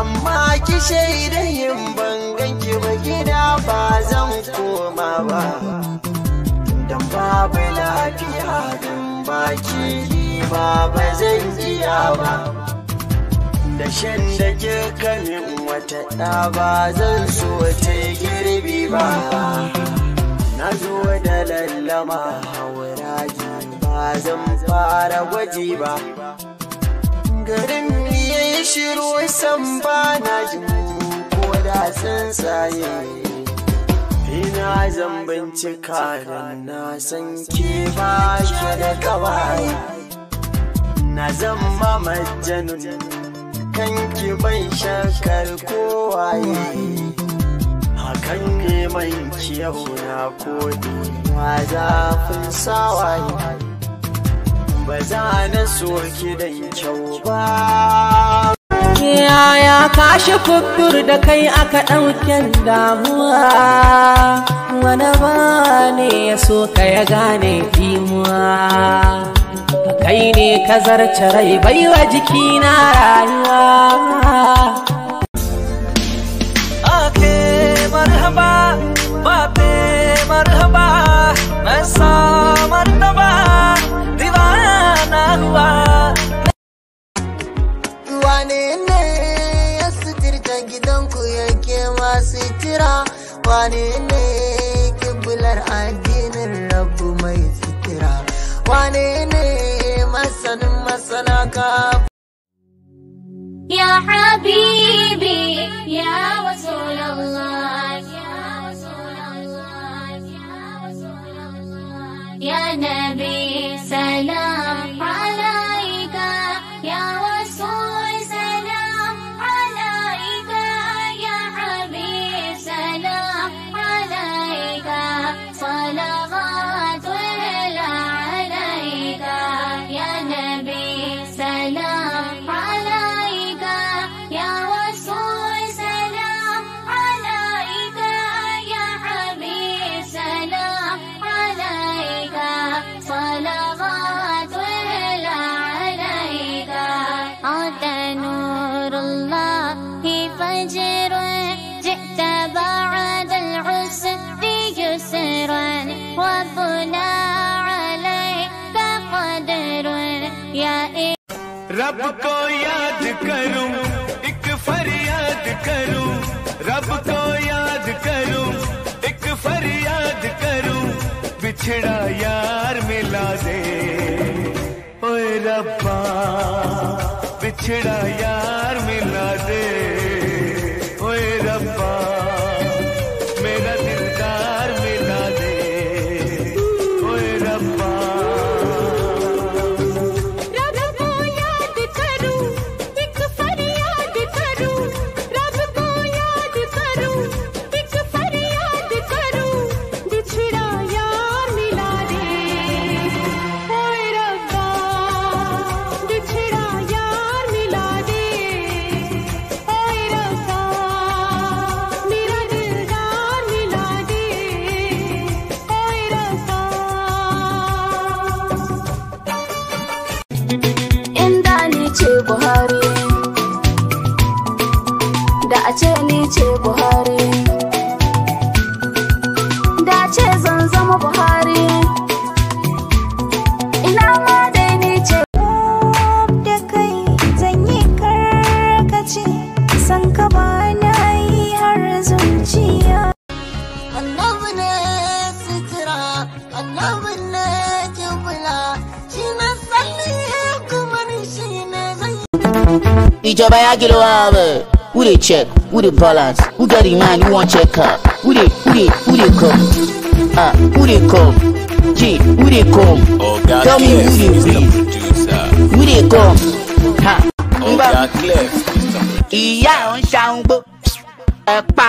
amma ki shaida yin bangan ki ba gida ba zan koma ba dan babu lafiya dan baki ba ba zan iya ba da shan da ke wata ɗa ba zan so ta girbi ba na zo da lallama hauraji ba zan fara gwaji ba garin ni shiru san ba na jin ko da tsuntsaye ina zan bincika da na san ke ba ke da kawaye na zama majanun kanki bai shakar kowaye hakan neman kiyau na kodi ma zafin sawaye ba za na so ki dan kyau ba shi kubur da kai aka ɗauken damuwa wani ba ne ya so ka ya gane imuwa kai ne ka zarce rai baiwa jikina rayuwa na rayuwa da sitira wane ne kiblar addinin rabu mai sitira wane ne masanin masana ka ya habibi ya rasulallah ya nabi रब को याद करूं एक फरियाद करूं रब को याद करूं एक फरियाद करूं बिछड़ा यार मिला दे ओए रब्बा बिछड़ा यार mama buhari ina ma dai ni ce da kai zan yi karkace san ka ba na yi har zuciya annabi ne ne kibula shi na ìjọba ya gilo ààbò who dey check who dey balance who get the man? who want check up? who dey who dey who dey come. Ah, who they come? G, who they come? Oh, Tell me who they be. The they come? Ha. Ọ̀gá Clef. Ìyá ẹ̀ ń ṣàǹgbó. Ẹ pa.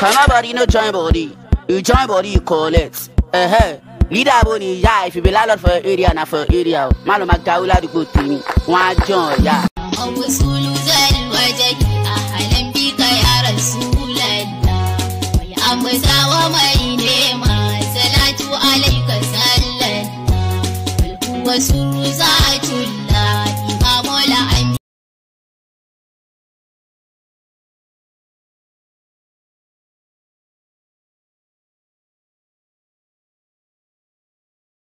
Kọ̀mọ́ no join body. You join body you collect. Ẹ̀hẹ́. Leader bo Leader ìyá ẹ̀ if you be landlord for your area na for your area Malo Má lọ máa ga owó ládùúgbò tèmi. Wọ́n Sulu Zari wájà kí àhàlẹ́ bí ká yára Sulu Láìda. desire.